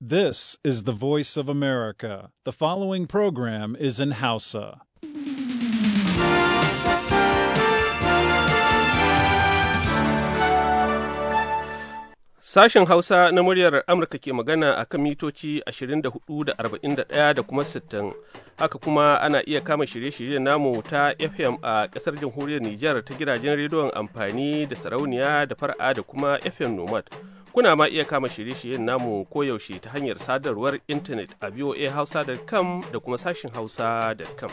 This is the voice of America. The following program is in Hausa. Sashen Hausa na muryar Amurka ke magana a kan mitoci 24 da da kuma 60. Haka kuma ana iya kama shirye-shiryen namu ta FM a ƙasar jamhuriyar Nijar ta gidajen rediyon amfani da sarauniya da fara da kuma FM Nomad. Kuna ma iya kama shirye-shiryen namu koyaushe ta hanyar sadarwar intanet a voahausa.com da kuma sashin hausa.com.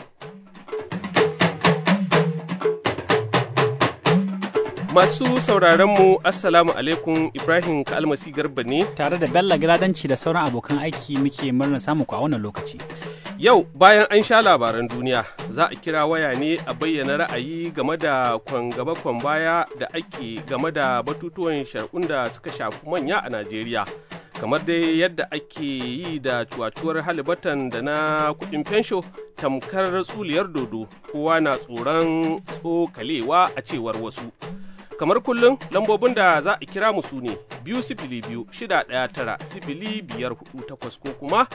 Masu sauraron mu Assalamu alaikum Ibrahim Kalmasi Garba ne. Tare da Bella Giradanci da sauran abokan aiki muke murnar samu a wannan lokaci. Yau bayan an sha labaran duniya za a kira waya ne a bayyana ra'ayi game da gaba kwan baya da ake game da batutuwan shari'un da suka shafi manya a Najeriya. Kamar dai yadda ake yi da cuwacuwar halibatan da na kuɗin fensho tamkar tsuliyar dodo kowa na tsoron tsokalewa a cewar wasu. Kamar kullum lambobin da za a kira mu su ne biyu sifili biyu shida ɗaya tara sifili biyar hudu takwas ko kuma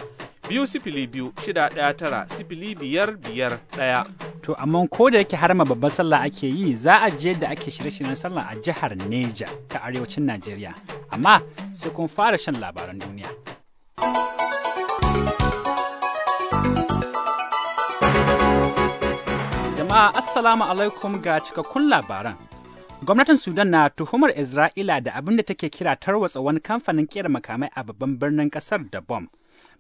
biyu sifili biyu shida ɗaya tara sifili biyar biyar ɗaya. To amma ko da yake harma babban sallah ake yi za a je da ake shirye-shiryen sallah a jihar Neja ta arewacin Najeriya. Amma sai kun fara shan labaran duniya. Jama'a Assalamu alaikum ga cikakkun labaran. Gwamnatin Sudan na tuhumar Isra'ila da abin da take kira tarwatsa wani kamfanin kera makamai a babban birnin kasar da bom.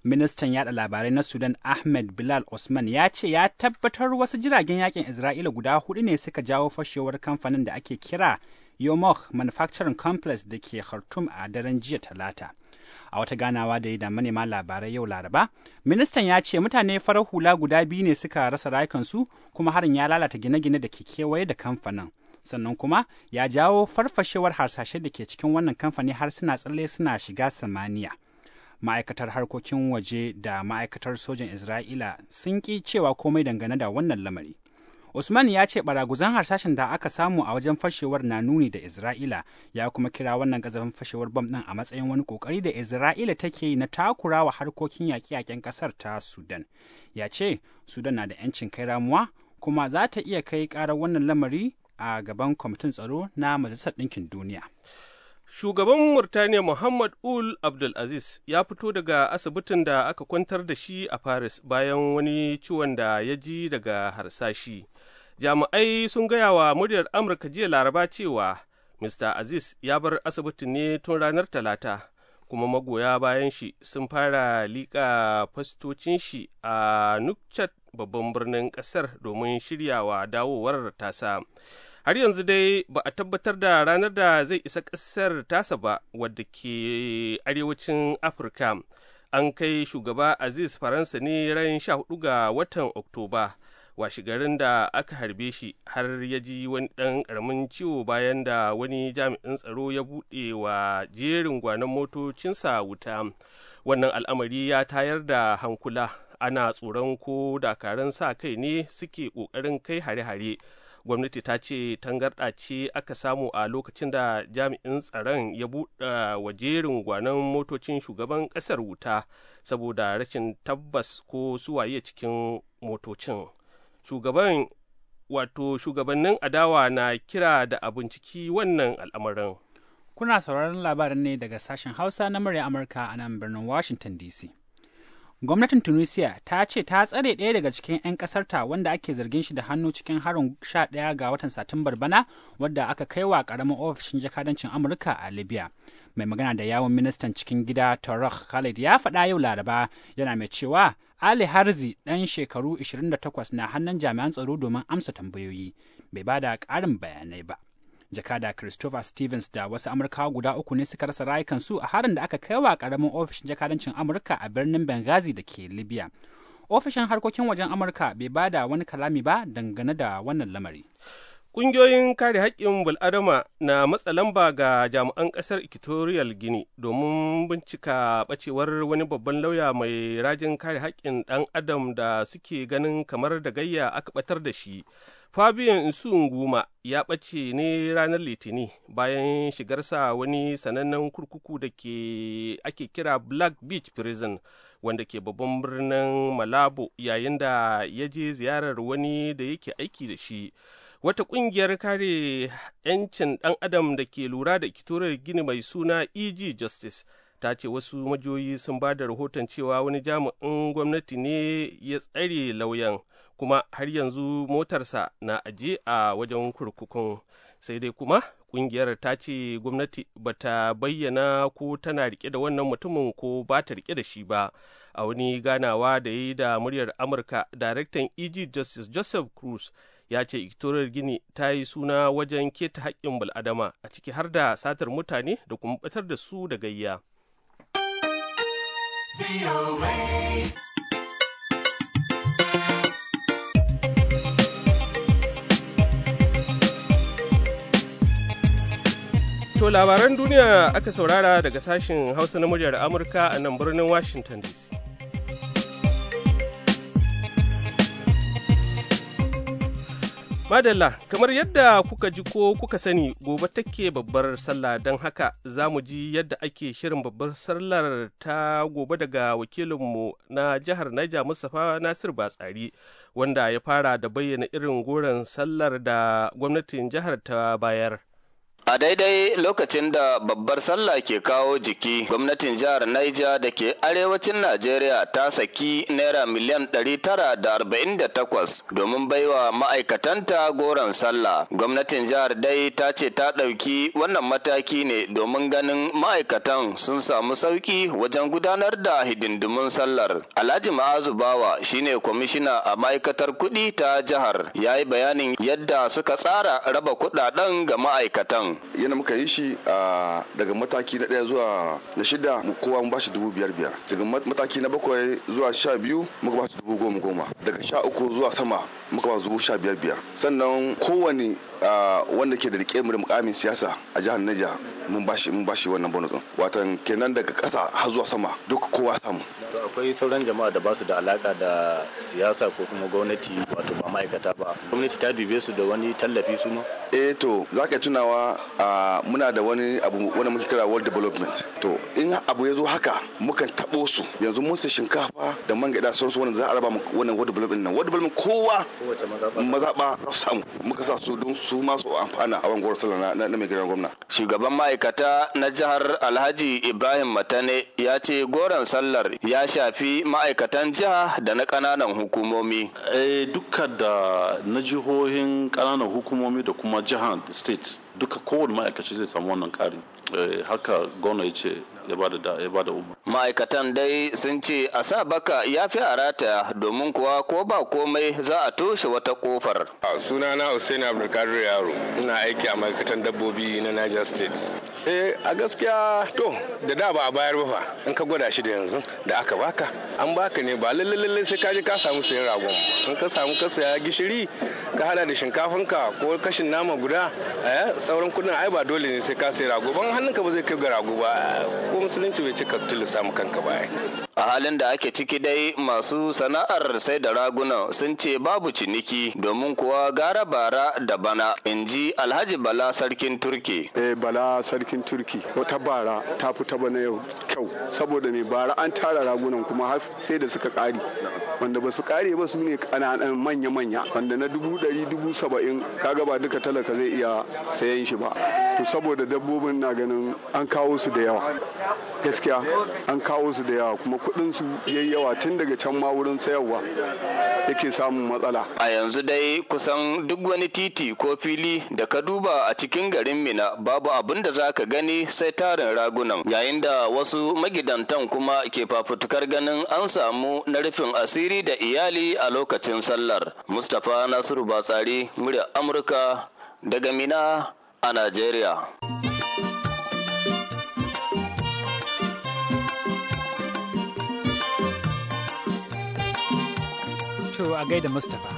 Ministan yada labarai na Sudan Ahmed Bilal Osman ya ce ya tabbatar wasu jiragen yakin Isra'ila guda hudu ne suka jawo fashewar kamfanin da ake kira Yomok Manufacturing Complex da ke Khartoum a daren jiya Talata. A wata ganawa da ya da manema labarai yau Laraba, ministan ya ce mutane farar hula guda biyu ne suka rasa rayukansu kuma harin ya lalata gine-gine da ke kewaye da kamfanin. sannan kuma ya jawo farfashewar harsashe da ke cikin wannan kamfani har suna tsalle suna shiga samaniya ma'aikatar harkokin waje da ma'aikatar sojan isra'ila sun ƙi cewa komai dangane da wannan lamari usman ya ce baraguzan harsashen da aka samu a wajen fashewar na nuni da isra'ila ya kuma kira wannan gazafin fashewar bam ɗin a matsayin wani kokari da isra'ila take yi na wa harkokin yaƙe-yaƙen ƙasar ta sudan ya ce sudan na da 'yancin kai ramuwa kuma za ta iya kai ƙarar wannan lamari a gaban kwamitin tsaro na majalisar ɗinkin duniya shugaban murtaniya muhammad ul abdulaziz ya fito daga asibitin da aka kwantar da shi a paris bayan wani ciwon da ya ji daga harsashi jami'ai sun gaya wa muryar amurka jiya laraba cewa mr aziz ya bar asibitin ne tun ranar talata kuma magoya bayan shi sun fara liƙa fastocin shi a nukchat babban birnin ƙasar domin shiryawa dawowar tasa. har yanzu dai ba a tabbatar da ranar da zai isa ƙasar tasa ba wadda ke arewacin afirka an kai shugaba aziz faransa ne ran 14 ga watan oktoba washigarin da aka harbe shi har ya ji wani ɗan ƙaramin ciwo bayan da wani jami'in tsaro ya buɗe wa jerin gwanon motocinsa wuta wannan al'amari ya tayar da hankula ana tsoron ko dakaran sa kai ne suke ƙoƙarin kai hare-hare gwamnati ta ce tangarɗa ce aka samu a lokacin da jami'in tsaron ya buɗe wa jerin gwanon motocin shugaban ƙasar wuta saboda rashin tabbas ko suwaye cikin motocin shugaban wato shugabannin adawa na kira da abinciki ciki wannan al'amarin kuna sauraron labarin ne daga sashen hausa na murya amurka a nan birnin washington dc Gwamnatin Tunisia ta ce ta tsare ɗaya daga cikin 'yan ƙasarta wanda ake zargin shi da hannu cikin harin sha ɗaya ga watan Satumbar bana wadda aka kai wa ƙaramin ofishin jakadancin Amurka a Libya. Mai magana da yawon ministan cikin gida Tarak Khalid ya faɗa yau Laraba yana mai cewa Ali Harzi ɗan shekaru 28 na hannun jami'an tsaro domin amsa tambayoyi. Bai ba da ƙarin bayanai ba. jakada christopher stevens da wasu amurkawa guda uku ne suka rasa rayukansu a harin da aka kai wa karamin ofishin jakadancin amurka a birnin benghazi da ke libya ofishin harkokin wajen amurka bai ba da wani kalami ba dangane da wannan lamari Ƙungiyoyin kare haƙƙin bul'adama na matsa lamba ga jami'an ƙasar Equatorial Guinea domin bincika ɓacewar wani babban lauya mai rajin kare haƙƙin ɗan adam da suke ganin kamar da gayya aka ɓatar da shi Fabian Nsunguma ya ɓace ne ranar Litini bayan shigarsa wani sanannen kurkuku da ke ake kira Black Beach Prison wanda ke babban birnin Malabo yayin da ya je ziyarar wani da yake aiki da shi. Wata ƙungiyar kare 'yancin ɗan adam da ke lura da kitorar gini mai suna EG Justice ta ce wasu majoyi sun ba da rahoton cewa wani jami'in gwamnati ne ya tsare lauyan. kuma har yanzu motarsa na aje a wajen kurkukun sai dai kuma kungiyar ta ce gwamnati ba ta bayyana ko tana rike da wannan mutumin ko ba ta rike da shi ba a wani ganawa da yi da muryar amurka daraktan eg justice joseph cruz ya ce ikitorar gini ta yi suna wajen keta haƙƙin bul'adama a ciki har da satar mutane da kuma batar da su da gayya. To labaran duniya aka saurara daga sashen Hausa na muryar Amurka a nan birnin Washington DC. Madalla, kamar yadda kuka ji ko kuka sani gobe take babbar sallah don haka za mu ji yadda ake shirin babbar sallar ta gobe daga wakilinmu na jihar Naija Mustapha Nasir Batsari wanda ya fara da bayyana irin goron sallar da gwamnatin jihar ta bayar. A daidai lokacin da babbar sallah ke kawo jiki, gwamnatin jihar Niger da ke arewacin Najeriya ta saki naira miliyan 948 domin baiwa ma'aikatanta goron sallah. Gwamnatin jihar dai ta ce ta ɗauki wannan mataki ne domin ganin ma'aikatan sun samu sauƙi wajen gudanar da hidindimun sallar. Alhaji Ma'azu Bawa shine kwamishina a ma'aikatar kuɗi ta jihar, ya yi bayanin yadda suka tsara raba kuɗaɗen ga ma'aikatan. yana muka yi shi daga mataki na ɗaya zuwa na shida mu kowa mu bashi dubu biyar biyar daga mataki na bakwai zuwa sha biyu muka bashi dubu goma goma daga sha uku zuwa sama muka bashi dubu sha biyar biyar sannan kowane wanda ke da rike mu da mukamin siyasa a jihar Niger mun bashi mun bashi wannan bonus din watan kenan daga ƙasa har zuwa sama duk kowa samu to akwai sauran jama'a da ba su da alaka da siyasa ko kuma gwamnati wato ba ma'aikata ba gwamnati ta dube su da wani tallafi su ma eh to za ka tunawa uh, muna da wani abu wani muke kira world development to in abu ya zo haka mukan tabo su yanzu mun su shinkafa da man gida sauransu wanda za a raba wannan world development nan world development kowa mazaba za su samu muka sa su don su masu amfana a wangwar sallah na mai gidan gwamna shugaban ma'aikata na jihar alhaji ibrahim matane ya ce Goran sallar ya ya shafi ma'aikatan jiha da na ƙananan hukumomi. Eh, duka da na jihohin ƙananan hukumomi da kuma jihar state duka kowane ma'aikaci zai samu wannan ƙari eh, haka gona ya ce ya ba da umar ma'aikatan dai sun ce a sa baka ya fi a rata domin kuwa ko ba komai za a toshe wata kofar sunana hussein abdulkadir yaro ina aiki a ma'aikatan dabbobi na niger state eh a gaskiya to da da ba a bayar ba fa in ka gwada shi da yanzu da aka baka an baka ne ba lalle sai ka je ka samu sayan ragon in ka samu ka saya gishiri ka hada da shinkafanka ko kashin nama guda eh, sauran kudin ai ba dole ne sai ka sai rago ban hannunka ba zai kai ga rago ba ko musulunci bai cika ka samu kanka ba a halin da ake ciki dai masu sana'ar sai da raguna sun ce babu ciniki domin kuwa gara bara da bana in alhaji bala sarkin turki eh bala sarkin turki wata bara ta fita bana yau kyau saboda mai bara an tara ragunan kuma har sai da suka kare wanda ba su kare ba su ne kananan manya-manya wanda na dubu ɗari dubu saba'in kaga ba duka talaka zai iya sai sayen shi ba to saboda dabbobin na ganin an kawo su da yawa gaskiya an kawo su da yawa kuma kudin su yayi yawa tun daga can ma wurin sayarwa yake samun matsala a yanzu dai kusan duk wani titi ko fili da ka duba a cikin garin mina babu abin da za ka gani sai tarin ragunan yayin da wasu magidantan kuma ke fafutukar ganin an samu na rufin asiri da iyali a lokacin sallar mustapha nasiru batsari murya amurka daga mina a Najeriya. To a gaida Mustapha.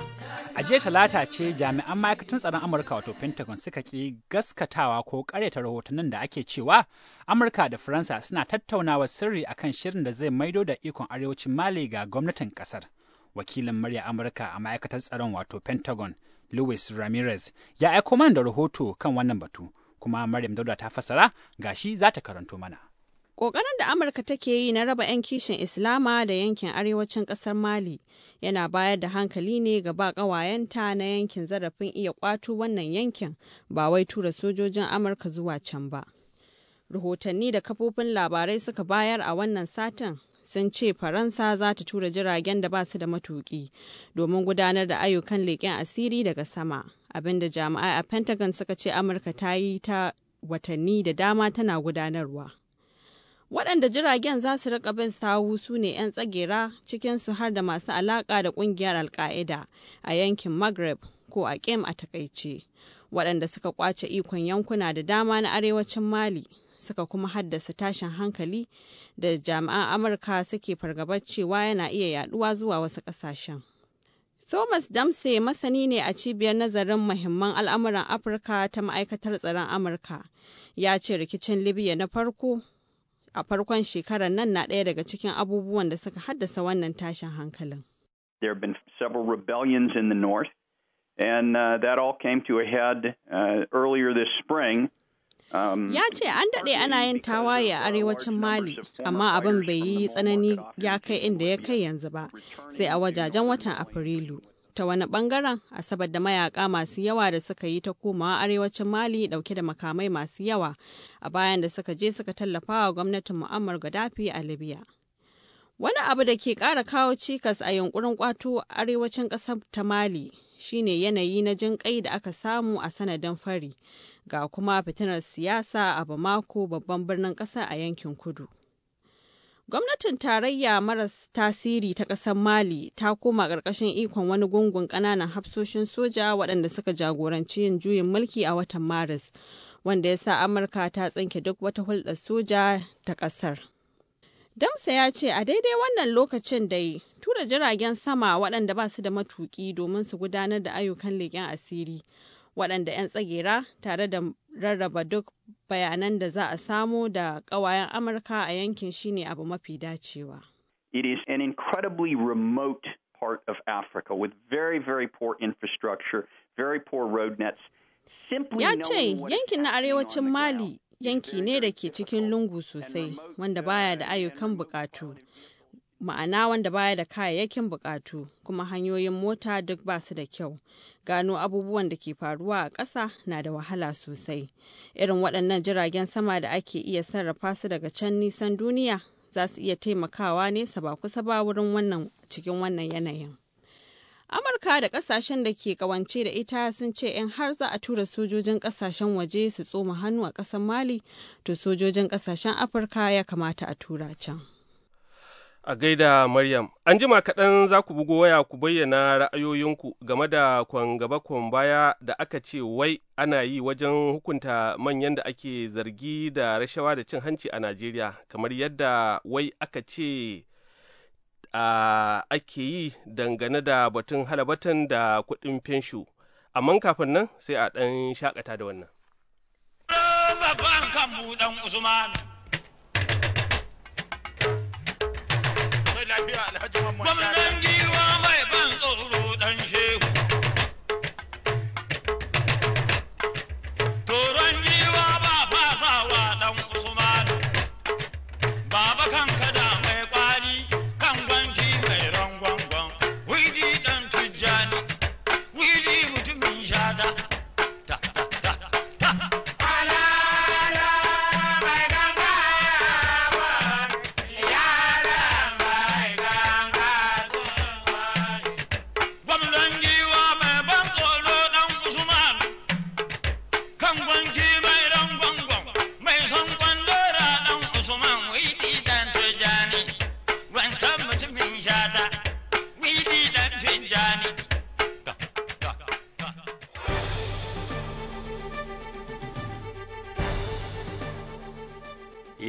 A jiya talata ce jami'an ma'aikatan tsaron Amurka wato Pentagon suka ki gaskatawa ko karyata rahotannin da ake cewa Amurka da Faransa suna tattaunawa sirri akan shirin da zai maido da ikon arewacin Mali ga gwamnatin ƙasar Wakilin murya Amurka a ma'aikatar tsaron wato Pentagon Luis Ramirez ya aiko mana da rahoto kan wannan batu, kuma Maryam Dauda ta fassara gashi za ta karanto mana. Ƙoƙarin da Amurka take yi na raba 'yan kishin Islama da yankin arewacin ƙasar Mali yana bayar da hankali ne ga ba ƙawayenta na yankin zarafin iya ƙwato wannan yankin ba wai tura sojojin Amurka zuwa can ba. Rahotanni da kafofin labarai suka bayar a wannan satin sun ce faransa za ta tura jiragen da ba su da matuƙi domin gudanar da ayyukan leƙen asiri daga sama abinda jami'ai a pentagon suka ce amurka ta yi ta watanni da dama tana gudanarwa waɗanda jiragen za su rika bin sawu su ne 'yan tsagera cikinsu har da masu alaƙa da ƙungiyar alka'ida a yankin maghreb ko a a takaice waɗanda suka kwace ikon yankuna da dama na arewacin mali suka kuma haddasa tashin hankali da jami'an amurka suke fargabar cewa yana iya yaduwa zuwa wasu ƙasashen thomas damse masani ne a cibiyar nazarin mahimman al'amuran afirka ta ma'aikatar tsaron amurka ya ce rikicin libya na farko a farkon shekarar nan na ɗaya daga cikin abubuwan da suka haddasa wannan tashin hankalin there have been several rebellions in the north and uh, that all came to a head uh, earlier this spring Um, ya ce an daɗe ana yin tawaye a arewacin mali amma abin bai yi tsanani ya kai inda ya kai yanzu ba sai a wajajen watan afrilu ta wani ɓangaren? asabar da mayaka masu yawa da suka yi ta komawa arewacin mali ɗauke da makamai masu yawa a bayan da suka je suka tallafa wa gwamnatin mu'ammar gaddafi a libya wani abu da ke ƙara kawo cikas a yunkurin kwato arewacin ƙasar ta mali shine yanayi na jin kai da aka samu a sanadin fari ga kuma fitinar siyasa a Bamako babban birnin ƙasa a yankin kudu. Gwamnatin tarayya maras tasiri ta ƙasar Mali ta koma ƙarƙashin ikon wani gungun ƙananan hafsoshin soja waɗanda suka jagoranci yin juyin mulki a watan Maris, wanda ya sa Amurka ta tsinke duk wata hulɗar soja ta ƙasar. Damsa ya ce a daidai wannan lokacin da tura jiragen sama waɗanda ba su da matuƙi domin su gudanar da ayyukan leƙen asiri waɗanda 'yan tsagera tare da rarraba duk bayanan da za a samo da ƙawayen amurka a yankin shine abu mafi dacewa it is an incredibly remote part of africa with very very poor infrastructure very poor road nets ya ce yankin na arewacin mali yanki ne da ke cikin lungu sosai wanda baya da ayyukan bukatu ma'ana wanda baya da kayayyakin bukatu kuma hanyoyin mota duk ba su da kyau gano abubuwan da ke faruwa a ƙasa na da wahala sosai irin waɗannan jiragen sama da ake iya sarrafa su daga can nisan duniya za su iya taimakawa nesa ba kusa ba wurin wannan cikin wannan yanayin amurka da ƙasashen da ke kawance da ita sun ce in har za a tura sojojin ƙasashen waje su tsoma hannu a ƙasar mali to sojojin ƙasashen afirka ya kamata a tura can a gaida Maryam. An jima kaɗan za ku bugo waya ku bayyana ra'ayoyinku game da kwan gaba kwan baya da aka ce wai ana yi wajen hukunta manyan da ake zargi da rashawa da cin hanci a Najeriya, kamar yadda wai aka ce ake yi dangane da batun halabatan da kuɗin fenshu. Amma kafin nan sai a ɗan shakata da wannan. kan lafiya alhaji mamman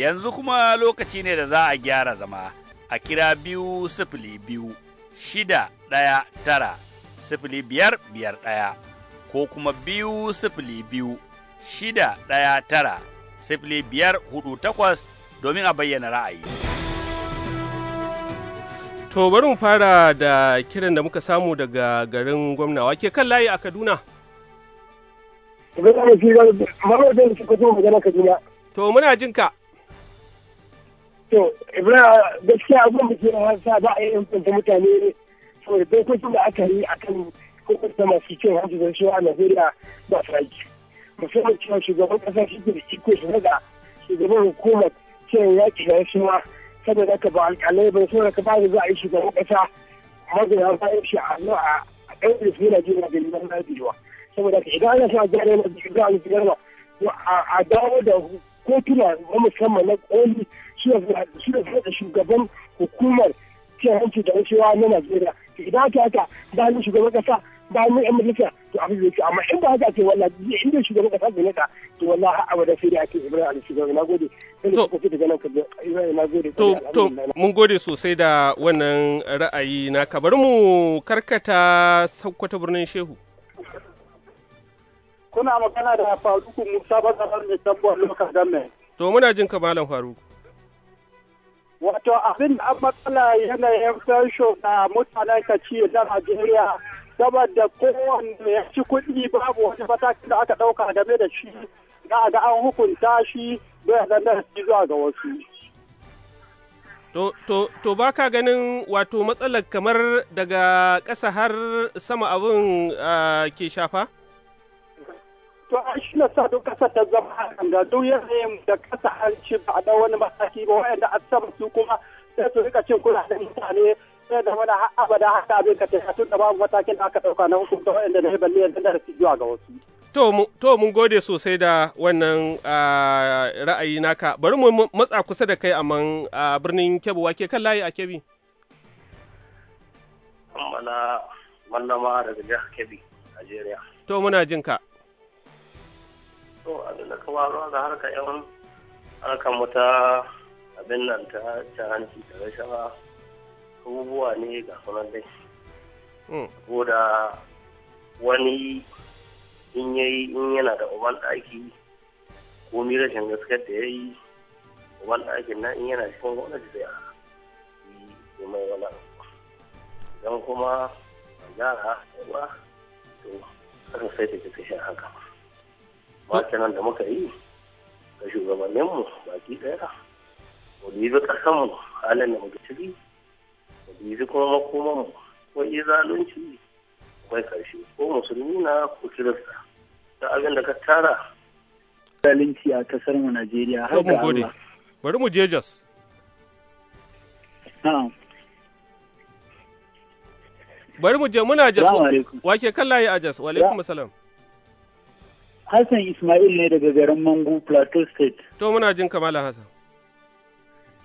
yanzu kuma lokaci ne da za a gyara zama a kira biyu sifili biyu shida ɗaya tara sifili biyar biyar ɗaya ko kuma biyu sifili biyu shida ɗaya tara sifili biyar hudu takwas domin a bayyana ra'ayi. To bari mu fara da kiran da muka samu daga garin gwamna wake kan layi a Kaduna. To muna jin ka. To, Ibra gaskiya abin da ke sa ba a yi hukunta mutane saboda dokokin da aka yi a kan hukunta masu cin hanci da shi a Najeriya ba su rage. Musamman cewa shugaban kasa shi da iko shi daga shugaban hukumar cin yaƙi da rashawa saboda haka ba alƙalai ba saboda haka ba za a yi shugaban a magoya bayan shi a a ɗan da su Najeriya da liman Najeriya. Saboda haka idan ana sa gyara yana da a dawo da kotuna na musamman na koli. shi da shugaban hukumar cin hanci da wucewa na Najeriya idan aka haka bayan shugaban kasa bayan yan majalisa to abin zai ci amma in ba haka ce wallahi in da shugaban kasa da neka to wallahi har abada sai da ake Ibrahim Ali shugaban nagode To, eh, to, mun gode sosai da wannan ra'ayi na ka bari mu karkata saukwata birnin Shehu. Kuna magana da Faruku Musa Bazarar mai tambuwar lokacin gamme. To, muna jin ka Malam Faruku. Wato abin da an matsala yanayin fensho na mutanen kaci na Najeriya saboda kowanne ya ci kuɗi babu wani matakin da aka ɗauka game da shi na ga an hukunta shi bai shi zuwa ga wasu. To, to, ba ka ganin wato matsalar kamar daga ƙasa har sama abin ah, ke shafa? to an shi na sa duk kasa ta zama hakan da duk da kasa an ci ba da wani mataki ba wayanda an saba su kuma sai su rika cin kuɗaɗen mutane sai da wani har abada haka abin ka tafi tun da babu matakin da aka ɗauka na hukunta da na yi balliyar da su zuwa ga wasu. To, mun gode sosai da wannan ra'ayi naka. Bari mu matsa kusa da kai a man birnin Kebbi, wake kan layi a Kebbi? Mana mallama daga jihar Kebbi, Najeriya. To, muna jin ka. to abin da kawo ruwa ga harka yawan harkar mu ta abin nan ta cin da rashawa abubuwa ne ga sunan dai hmm. ko da wani in yayi in yana da uban ɗaki ko mi rashin gaskiyar da ya yi uban ɗakin na in yana cikin gwamnati da yi mai wala idan kuma gyara ba to kasa sai ta tafi haka nan da muka yi ga shugabanninmu baki daya mu bibi kasanmu halin da muka ciki mu yi kuma makomanmu ko yi zalunci akwai karshe ko musulmi na ko kirista da abin da ka tara zalunci a kasar mu Najeriya har da Allah bari mu je Jos bari mu je muna Jos ke kan layi a Jos wa alaikum salam Hassan Ismail ne daga garin Mangu Plateau State. To muna jin kamala Hassan.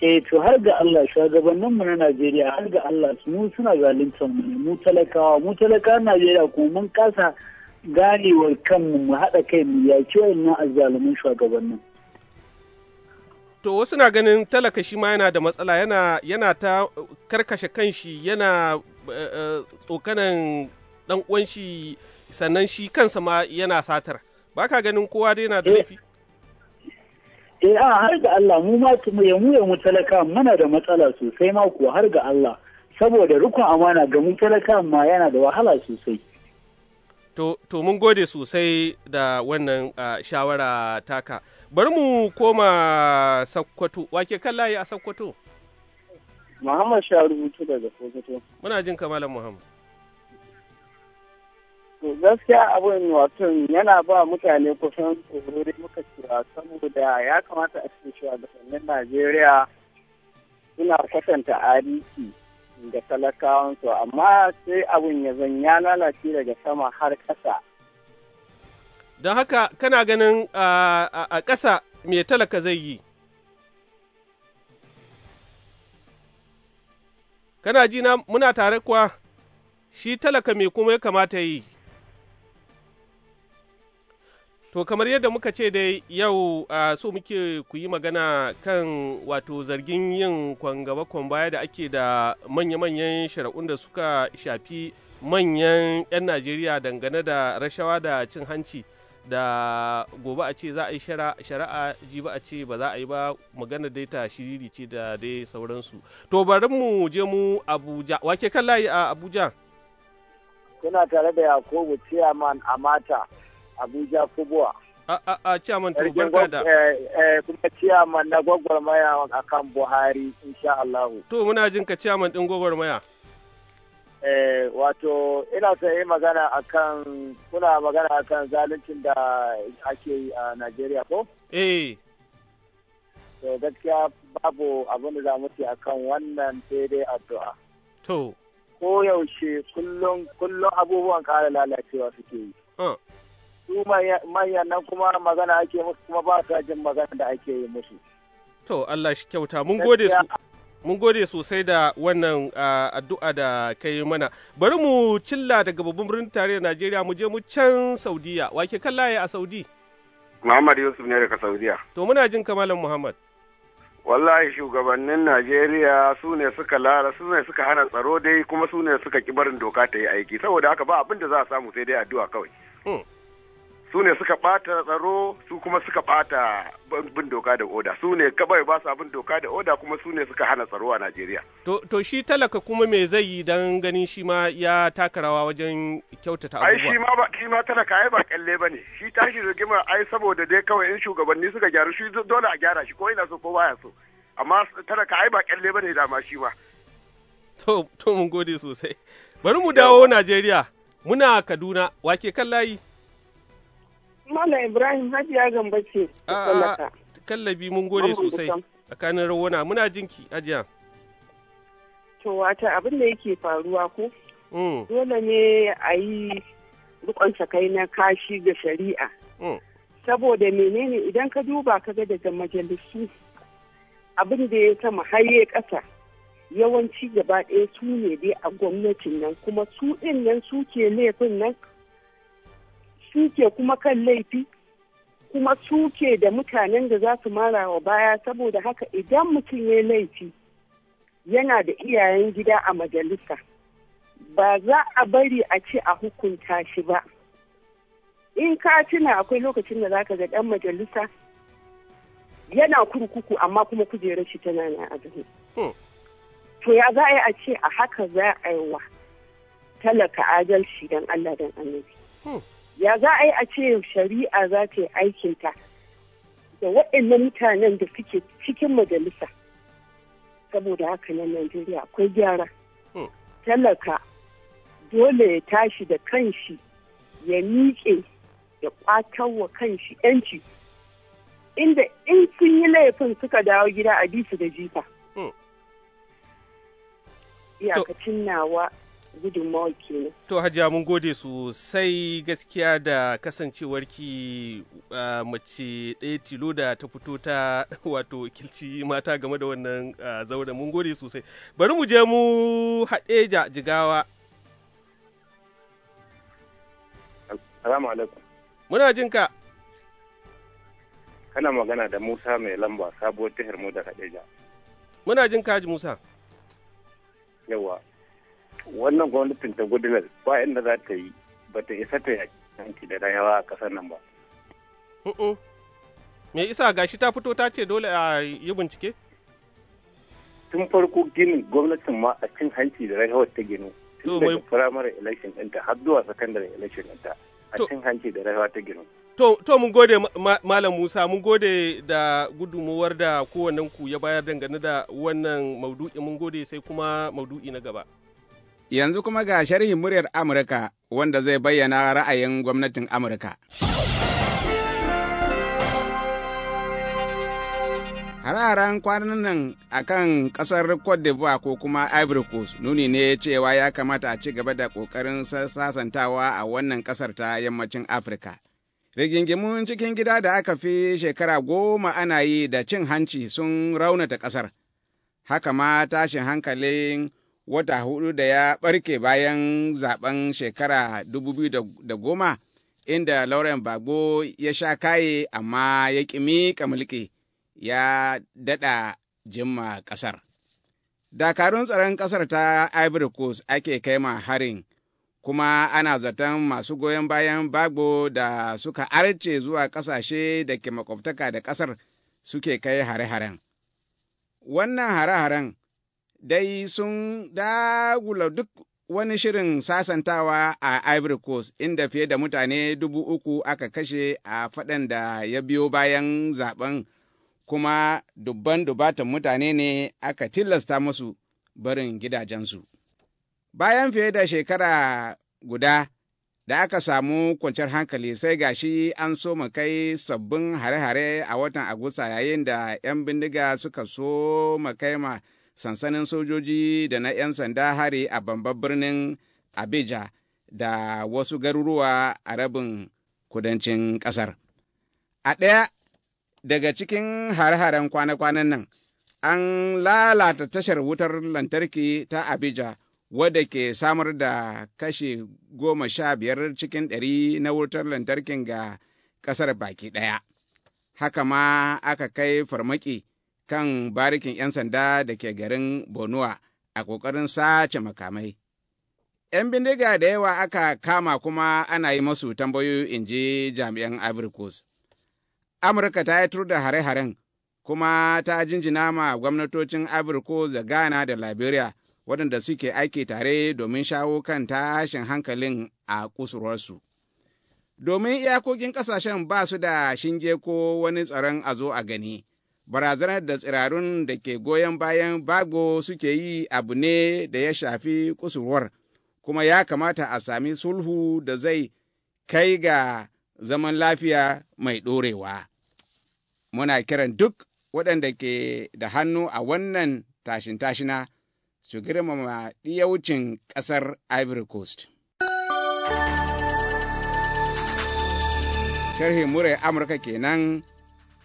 Eh to har ga Allah shugabannin na Najeriya har ga Allah mu suna zaluntar mu mu talakawa mu talakawa Najeriya ko mun kasa ganewar kanmu mu haɗa kai mu ya ce wannan azzalumin shugabannin. To wasu na ganin talaka shi ma yana da matsala yana yana ta karkashe kanshi yana eh, eh, tsokanan dan uwan shi sannan shi kansa ma yana satar. Ba ka ganin kowa dai na da eh. laifi? Eh a har ga Allah mu ma mu ya mu ya mu talaka muna da matsala sosai ma kuwa har ga Allah saboda rukun amana ga mu talaka ma yana da wahala sosai. To, to mun gode sosai da wannan shawara taka. Bari mu koma Sakkwato, wake kan layi a Sakkwato? Muhammad Sharu daga Sokoto. Muna jin kamalan Muhammad. To gaskiya abin wato yana ba mutane kusan tsoro muka cewa saboda ya kamata a cikin shugabannin Najeriya suna kwatanta ariki da talakawansu amma sai abin ya zan ya lalace daga sama har ƙasa. Don haka kana ganin a ƙasa me talaka zai yi? Kana jina muna tare kuwa shi talaka me kuma ya kamata yi? To kamar yadda muka ce dai yau uh, so muke ku yi magana kan wato zargin yin kwangaba baya da ake da manya-manyan shari'un da suka shafi manyan 'yan Najeriya dangane da rashawa da cin hanci da gobe a ce za a yi shari'a ji ba a ce ba za a yi ba magana dai ta shiriri ce da dai sauransu. To bari mu je mu Abuja, wake kan layi a Abuja? Kuna tare da Yakubu Chairman Amata. Abuja Kubuwa. A ciyaman to barka da. Eh, eh, kuma ciyaman na gwagwarmaya a kan Buhari insha Allah. To muna jin ka ciyaman ɗin gwagwarmaya. Eh, wato ina son yi magana kan, kuna magana a kan zaluncin da ake yi a Najeriya ko? Eh. To gaskiya babu abin da za mu ce kan wannan daidai addu'a. To. Ko yaushe kullum abubuwan ƙara lalacewa suke yi. Ah. su manyan nan kuma magana ake musu kuma ba ta jin magana da ake yi musu. To Allah shi kyauta mun gode su. Mun gode sosai da wannan addu'a da kai mana. Bari mu cilla daga babban birnin tarayyar Najeriya mu je mu can Saudiya. Wake kan laye a Saudi? Muhammad Yusuf ne daga Saudiya. To muna jin kamalan Muhammad. Wallahi shugabannin Najeriya su ne suka lara su ne suka hana tsaro dai kuma su ne suka ki barin doka ta yi aiki saboda haka ba abin da za a samu sai dai addu'a kawai. Hmm. su ne suka ɓata tsaro su kuma suka ɓata bin doka da oda su ne kabai ba su bin doka da oda kuma su ne suka hana tsaro a najeriya to, shi talaka kuma me zai yi don ganin shi ma ya taka rawa wajen kyautata abubuwa ai shi ma ba shi ma talaka ai ba kalle ba ne shi tashi rigima ai saboda dai kawai in shugabanni suka gyara shi dole a gyara shi ko ina so ko baya so amma talaka ai ba kalle ba ne dama shi ma to to mun gode sosai bari mu dawo najeriya muna kaduna wake kan layi mala Ibrahim Hajiya Gamba ce. Kallabi mun gode sosai tsakanin rawuna muna jinki Hajiya. To wata abin da yake faruwa ko? Mm. Dole ne a yi rukon kai na kashi ga shari'a. Mm. Saboda menene idan ka duba ka ga daga majalisu abin da ya sama har ya ƙasa yawanci gaba ɗaya su ne dai a gwamnatin nan kuma su ɗin nan su ke laifin nan suke kuma kan laifi kuma suke da mutanen da za su mara wa baya saboda haka idan mutum ya laifi yana da iyayen gida a majalisa ba za a bari a ce a hukunta shi ba in ka tuna akwai lokacin da za ka ga ɗan majalisa yana kurkuku amma kuma kujerar shi tana na azumi hmm. to ya za a yi a ce a haka za a yi wa talaka adalci don allah don annabi hmm. ya za a yi a ce shari'a za ta yi aikinta da waɗannan mutanen da suke cikin majalisa saboda haka na najeriya akwai gyara hmm. talaka dole ya tashi da kanshi ya miƙe ya wa kanshi yanci inda in sun yi laifin suka dawo gida a bisu da jifa hmm. iyakacin nawa gudunmawa kenan. To Hajiya mun gode sosai gaskiya da kasancewarki mace ɗaya tilo da ta fito ta wato kilci mata game da wannan zauren mun gode sosai. Bari mu je mu haɗeja jigawa. Salamu alaikum. Muna jin ka. Kana magana da Musa mai lamba sabuwar tahir mu da Hadeja. Muna jin ka Musa. Yawa, wannan gwamnatin ta gudunar ba inda za ta yi ba ta isa ta yanki hanci da rayawa a ƙasar nan ba. Oh, oh. Me isa gashi ta fito ta ce dole a yi bincike? Tun farko ginin gwamnatin ma a cin hanci da rayawar ta gino. Tun daga firamare election ɗinta har zuwa sakandare election ɗinta a cin hanci da rayawa ta gino. To, to mun gode Malam Musa, mun gode da gudunmuwar da kowannen ku ya bayar dangane da wannan maudu'i mun gode sai kuma maudu'i na gaba. Yanzu kuma ga sharhin muryar Amurka wanda zai bayyana ra'ayin gwamnatin Amurka. Hararen kwanan nan a kan ƙasar Cote d'Ivoire ko kuma Ivory Coast nuni ne cewa ya kamata a ci gaba da ƙoƙarin sasantawa a wannan ƙasar ta yammacin Afirka. Rigingimun cikin gida da aka fi shekara goma ana yi da cin hanci sun raunata ƙasar. Haka ma tashin hankalin wata hudu da ya barke bayan zaben shekara goma inda lauren bago ya sha kaye amma ya ƙimi mulki ya daɗa jimma kasar. Dakarun tsaron kasar ta Ivory Coast ake kai ma harin, kuma ana zaton masu goyon bayan bago da suka arce zuwa kasashe da ke makwabtaka da ƙasar suke kai hare-haren. Wannan hare-haren dai sun dagula duk wani shirin sasantawa a Ivory Coast inda fiye da mutane dubu uku aka kashe a faɗan da ya biyo bayan zaben kuma dubban dubatan mutane ne aka tilasta musu barin gidajensu. Bayan fiye da shekara guda da aka samu kwanciyar hankali sai gashi an so mu kai sabbin hare-hare a watan Agusta yayin da 'yan bindiga suka soma kai ma sansanin sojoji da na 'yan sanda hari a bamban birnin abija da wasu garuruwa a rabin kudancin ƙasar. A ɗaya daga cikin hare-haren kwana-kwanan nan, an lalata tashar wutar lantarki ta abija wadda ke samar da kashe goma sha biyar cikin ɗari na wutar lantarkin ga ƙasar baki ɗaya. Haka ma aka kai farmaki kan barikin 'yan sanda da ke garin Bonuwa a ƙoƙarin sace makamai. 'Yan bindiga da yawa aka kama kuma ana yi masu tambayoyi in ji jami'an Ivory Coast. Amurka ta yi da hare-haren kuma ta jinjina ma gwamnatocin Ivory Coast da Ghana da Liberia waɗanda suke aiki tare domin shawo kan tashin hankalin a kusurwarsu. Domin iyakokin ƙasashen ba su da shinge ko wani tsaron a zo a gani. barazanar da tsirarun da ke goyon bayan bago suke yi abu ne da ya shafi kusurwar kuma ya kamata a sami sulhu da zai kai ga zaman lafiya mai ɗorewa. Muna kiran duk waɗanda ke da hannu a wannan tashin-tashina su girmama ɗiyaucin ƙasar Ivory Coast. Sharhin Murai Amurka kenan.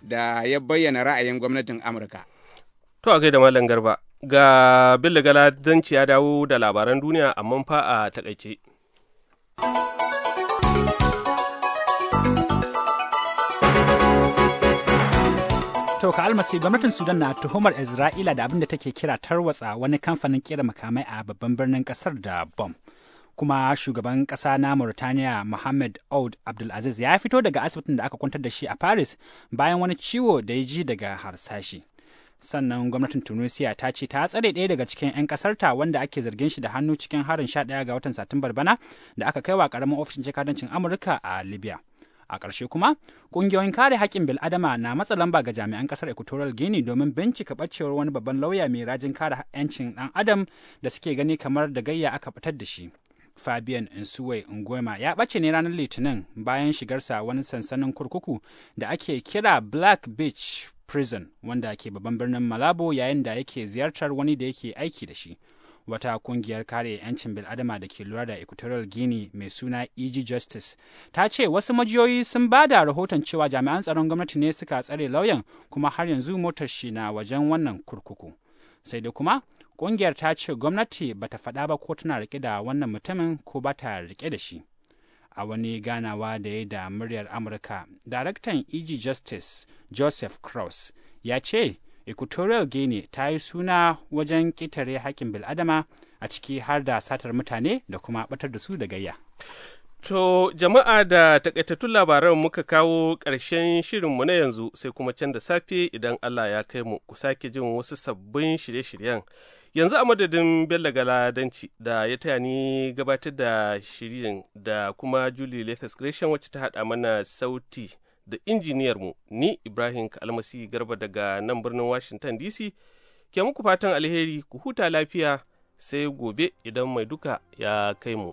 da ya bayyana ra'ayin gwamnatin Amurka. To a da Malam Garba, ga Bello Galadanci ya dawo da labaran duniya amma fa a takaice. To ka almasi gwamnatin Sudan na tuhumar Isra'ila da abin da take kira tarwatsa wani kamfanin kera makamai a babban birnin kasar da bom. kuma shugaban ƙasa na Mauritania Mohamed Ould Abdulaziz ya fito daga asibitin da aka kwantar da shi a Paris bayan wani ciwo da ya ji daga harsashi. Sannan gwamnatin Tunisia ta ce ta tsare ɗaya daga cikin 'yan ƙasarta wanda ake zargin shi da hannu cikin harin 11 ga watan Satumbar bana da aka kai wa ƙaramin ofishin jakadancin Amurka a Libya. a ƙarshe kuma ƙungiyoyin kare haƙƙin bil'adama na matsa lamba ga jami'an ƙasar equatorial guinea domin bincika ɓacewar wani babban lauya mai rajin kare 'yancin ɗan adam da suke gani kamar da gayya aka fitar da shi Fabian Nsuwe Ngoma ya ɓace ne ranar Litinin bayan shigarsa wani sansanin kurkuku da ake kira Black Beach Prison wanda ke babban birnin Malabo yayin da yake ziyartar wani da yake aiki da shi. Wata kungiyar kare 'yancin bil'adama da ke lura da Equatorial Guinea mai suna EG Justice ta ce wasu majiyoyi sun ba da rahoton cewa jami'an tsaron gwamnati ne suka tsare lauyan kuma har yanzu motar shi na wajen wannan kurkuku. Sai da kuma kungiyar ta ce gwamnati ba ta faɗa ba ko tana rike da wannan mutumin ko ba ta rike da shi. A wani ganawa da ya da muryar Amurka, Daraktan EG Justice Joseph Cross ya ce, Equatorial Guinea ta yi suna wajen ƙetare haƙƙin bil'adama a ciki har da satar mutane da kuma ɓatar da su da gayya. To jama'a da takaitattun labaran muka kawo ƙarshen shirinmu na yanzu sai kuma can da safe idan Allah ya kai mu ku sake jin wasu sabbin shirye-shiryen. yanzu a madadin bello galadanci da ya taya ni gabatar da shirin da kuma juli latest creation wacce ta hada mana sauti da injiniyar mu ni ibrahim kalmasi garba daga nan birnin washington dc ke muku fatan alheri ku huta lafiya sai gobe idan mai duka ya kai mu